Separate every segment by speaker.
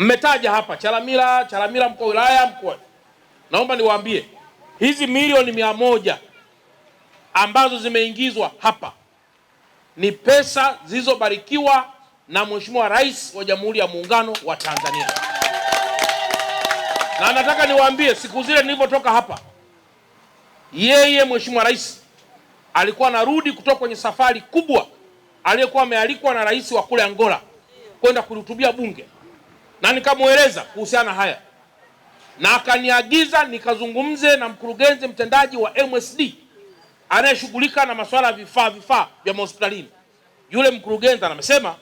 Speaker 1: Mmetaja hapa Chalamila, Chalamila mkoa wilaya mkoa. Naomba niwaambie hizi milioni mia moja ambazo zimeingizwa hapa ni pesa zilizobarikiwa na Mheshimiwa Rais wa Jamhuri ya Muungano wa Tanzania, na nataka niwaambie, siku zile nilivyotoka hapa, yeye Mheshimiwa Rais alikuwa anarudi kutoka kwenye safari kubwa aliyokuwa amealikwa na rais wa kule Angola kwenda kulihutubia bunge na nikamweleza kuhusiana haya, na akaniagiza nikazungumze na mkurugenzi mtendaji wa MSD anayeshughulika na masuala ya vifaa vifaa vya mahospitalini. Yule mkurugenzi anamesema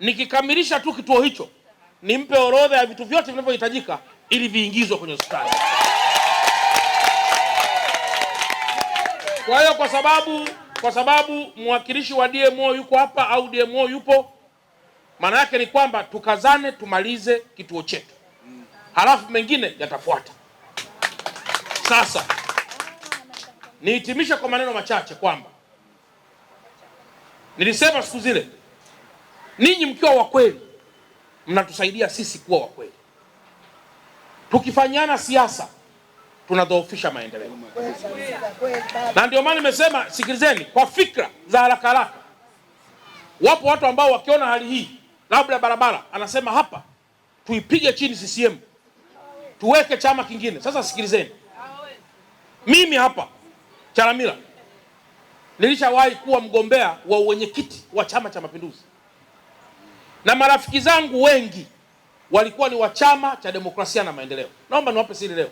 Speaker 1: nikikamilisha tu kituo hicho nimpe orodha ya vitu vyote vinavyohitajika ili viingizwe kwenye hospitali. Kwa hiyo kwa sababu kwa sababu mwakilishi wa DMO yuko hapa au DMO yupo maana yake ni kwamba tukazane tumalize kituo chetu, halafu mengine yatafuata. Sasa nihitimishe kwa maneno machache kwamba nilisema siku zile, ninyi mkiwa wa kweli mnatusaidia sisi kuwa wa kweli. Tukifanyana siasa tunadhoofisha maendeleo, na ndio maana nimesema, sikilizeni kwa fikra za haraka haraka. Wapo watu ambao wakiona hali hii labda barabara, anasema hapa tuipige chini CCM tuweke chama kingine. Sasa sikilizeni, mimi hapa Chalamila nilishawahi kuwa mgombea wa uwenyekiti wa Chama cha Mapinduzi, na marafiki zangu wengi walikuwa ni wa Chama cha Demokrasia na Maendeleo. Naomba niwape siri leo,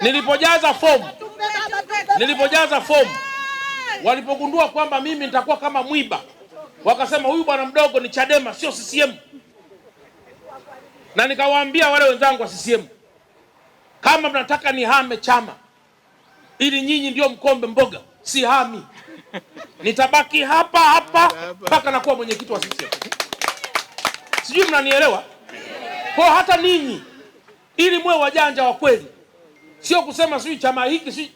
Speaker 1: nilipojaza fomu nilipojaza fomu walipogundua kwamba mimi nitakuwa kama mwiba wakasema huyu bwana mdogo ni Chadema sio CCM. Na nikawaambia wale wenzangu wa CCM, kama mnataka nihame chama ili nyinyi ndio mkombe mboga, si hami, nitabaki hapa hapa mpaka nakuwa mwenyekiti wa CCM. Sijui mnanielewa? Kwa hata ninyi ili mwe wajanja wa kweli, sio kusema sijui chama hiki si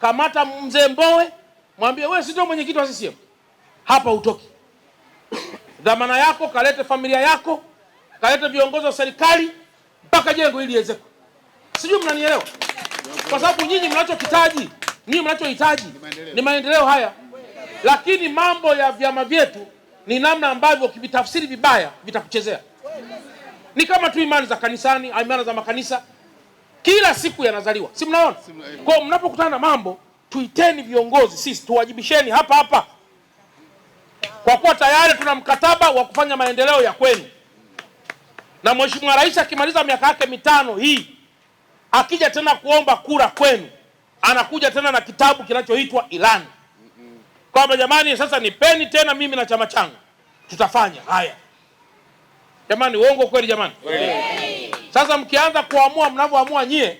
Speaker 1: Kamata mzee Mbowe, mwambie wewe si ndio mwenyekiti wa CCM hapa, utoki dhamana yako, kalete familia yako, kalete viongozi wa serikali mpaka jengo ili liwezeke. Sijui mnanielewa, kwa sababu nyinyi mnachokitaji, nyinyi mnachohitaji ni maendeleo haya, lakini mambo ya vyama vyetu ni namna ambavyo ukivitafsiri vibaya vitakuchezea. Ni kama tu imani za kanisani, imani za makanisa kila siku yanazaliwa, si mnaona? Kwa mnapokutana na mambo, tuiteni viongozi sisi, tuwajibisheni hapa hapa kwa kuwa tayari tuna mkataba wa kufanya maendeleo ya kwenu, na Mheshimiwa Rais akimaliza miaka yake mitano hii akija tena kuomba kura kwenu, anakuja tena na kitabu kinachoitwa ilani kwamba jamani, sasa nipeni tena mimi na chama changu tutafanya haya. Jamani, uongo kweli? Jamani, Sasa mkianza kuamua mnavyoamua nyie,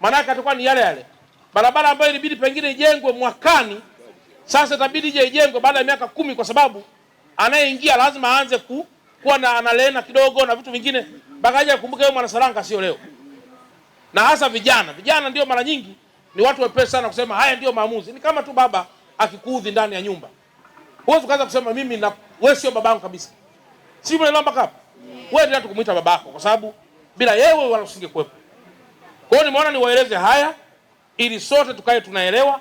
Speaker 1: maanake atakuwa ni yale yale barabara ambayo ilibidi pengine ijengwe mwakani sasa itabidi je ijengwe baada ya miaka kumi, kwa sababu anayeingia lazima aanze ku, kuwa na analena kidogo na vitu vingine mpaka aje akumbuke yeye Mwanasaranga sio leo, na hasa vijana. Vijana ndio mara nyingi ni watu wepesi sana kusema haya ndio maamuzi. Ni kama tu baba akikuudhi ndani ya nyumba, huwezi ukaanza kusema mimi na wewe sio babangu kabisa, si mnaelewa mpaka hapo. Wewe ndio tukumuita babako, kwa sababu bila yewe wala usingekuwepo. Kwa hiyo nimeona niwaeleze haya ili sote tukae tunaelewa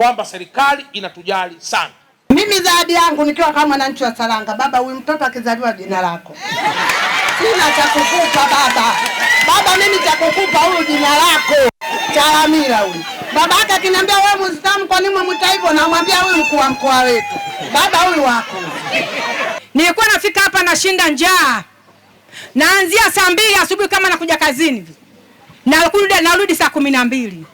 Speaker 1: kwamba serikali inatujali sana.
Speaker 2: Mimi zawadi yangu nikiwa kama mwananchi wa Saranga, baba, huyu mtoto akizaliwa jina lako, sina cha kukupa baba. Baba, mimi cha kukupa huyu jina lako Chalamila huyu. baba Babake akiniambia wewe Muislamu, kwa nini mwamwita hivyo? Namwambia huyu mkuu wa mkoa wetu, baba, huyu wako. Nilikuwa nafika hapa nashinda njaa, naanzia saa mbili asubuhi kama nakuja kazini, narudi narudi saa kumi na mbili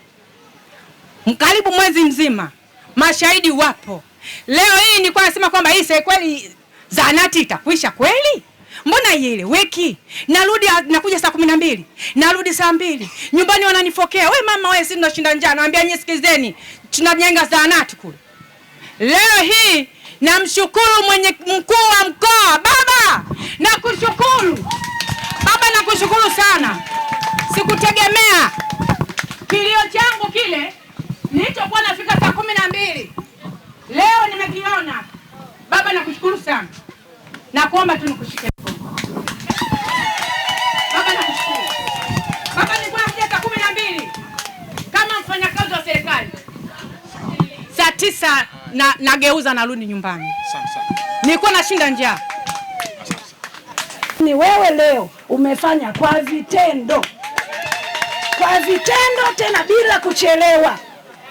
Speaker 2: karibu mwezi mzima, mashahidi wapo. Leo hii nilikuwa nasema kwamba hii kweli zahanati itakwisha kweli? Mbona ile weki narudi nakuja saa kumi na mbili narudi saa mbili nyumbani wananifokea, we mama we, si tunashinda njaa. Naambia nyie, sikizeni, tunajenga zahanati kule. Leo hii namshukuru mwenye mkuu wa mkoa baba, nakushukuru baba, nakushukuru sana, sikutegemea kilio changu kile nakuomba tu nikushike mkono baba, nakushukuru baba. Nilikuwa kumi na mbili kama mfanyakazi wa serikali, saa tisa na nageuza narudi nyumbani, nilikuwa nashinda njaa. Ni wewe leo umefanya kwa vitendo, kwa vitendo tena bila kuchelewa.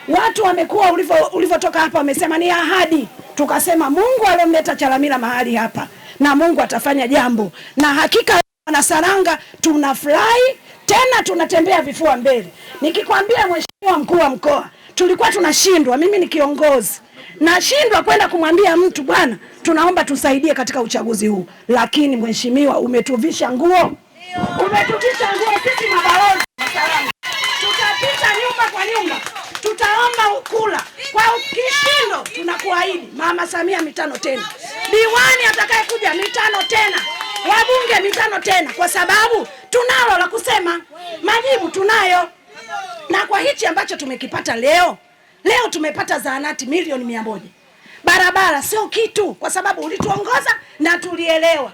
Speaker 2: Watu wamekuwa ulivyotoka hapa wamesema ni ahadi, tukasema Mungu alomleta Chalamila mahali hapa na Mungu atafanya jambo, na hakika tuna tunafurahi tena, tunatembea vifua mbele. Nikikwambia mheshimiwa mkuu wa mkoa, tulikuwa tunashindwa, mimi ni kiongozi nashindwa kwenda kumwambia mtu bwana, tunaomba tusaidie katika uchaguzi huu, lakini mheshimiwa, umetuvisha nguo, umetuvisha nguo. Sisi mabalozi tutapita nyumba kwa nyumba, tutaomba ukula kwa kishindo, tunakuahidi Mama Samia mitano tena diwani atakayekuja mitano tena, wabunge mitano tena, kwa sababu tunalo la kusema, majibu tunayo. Na kwa hichi ambacho tumekipata leo, leo tumepata zahanati milioni mia moja, barabara sio kitu, kwa sababu ulituongoza na tulielewa.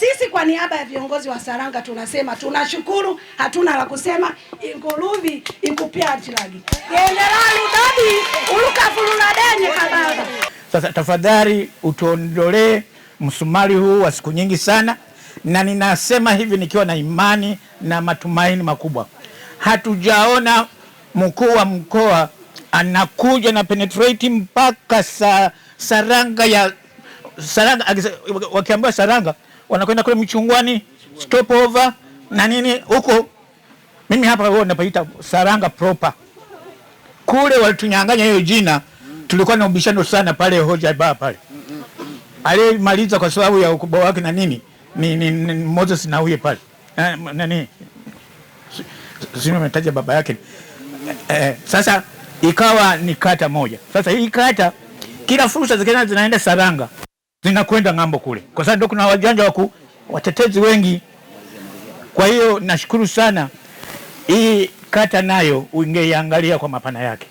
Speaker 2: Sisi kwa niaba ya viongozi wa Saranga tunasema tunashukuru, hatuna la kusema. Inguluvi ikupia atilagi generali dabi uluka denye kababa
Speaker 3: sasa tafadhali utuondolee msumari huu wa siku nyingi sana, na ninasema hivi nikiwa na imani na matumaini makubwa. Hatujaona mkuu wa mkoa anakuja na penetrate mpaka sa, saranga ya saranga, wakiambiwa saranga wanakwenda kule Michungwani over na nini huko. Mimi hapa wao napaita saranga proper, kule walitunyang'anya hiyo jina tulikuwa na ubishano sana pale hoja ba pale aliyemaliza kwa sababu ya ukubwa wake na nini ni, ni, ni Moses na huye pale eh, nani sio umetaja baba yake eh, eh, sasa ikawa ni kata moja. Sasa hii kata kila fursa zikina zinaenda saranga zinakwenda ng'ambo kule, kwa sababu ndio kuna wajanja waku watetezi wengi. Kwa hiyo nashukuru sana hii kata nayo ungeiangalia kwa mapana yake.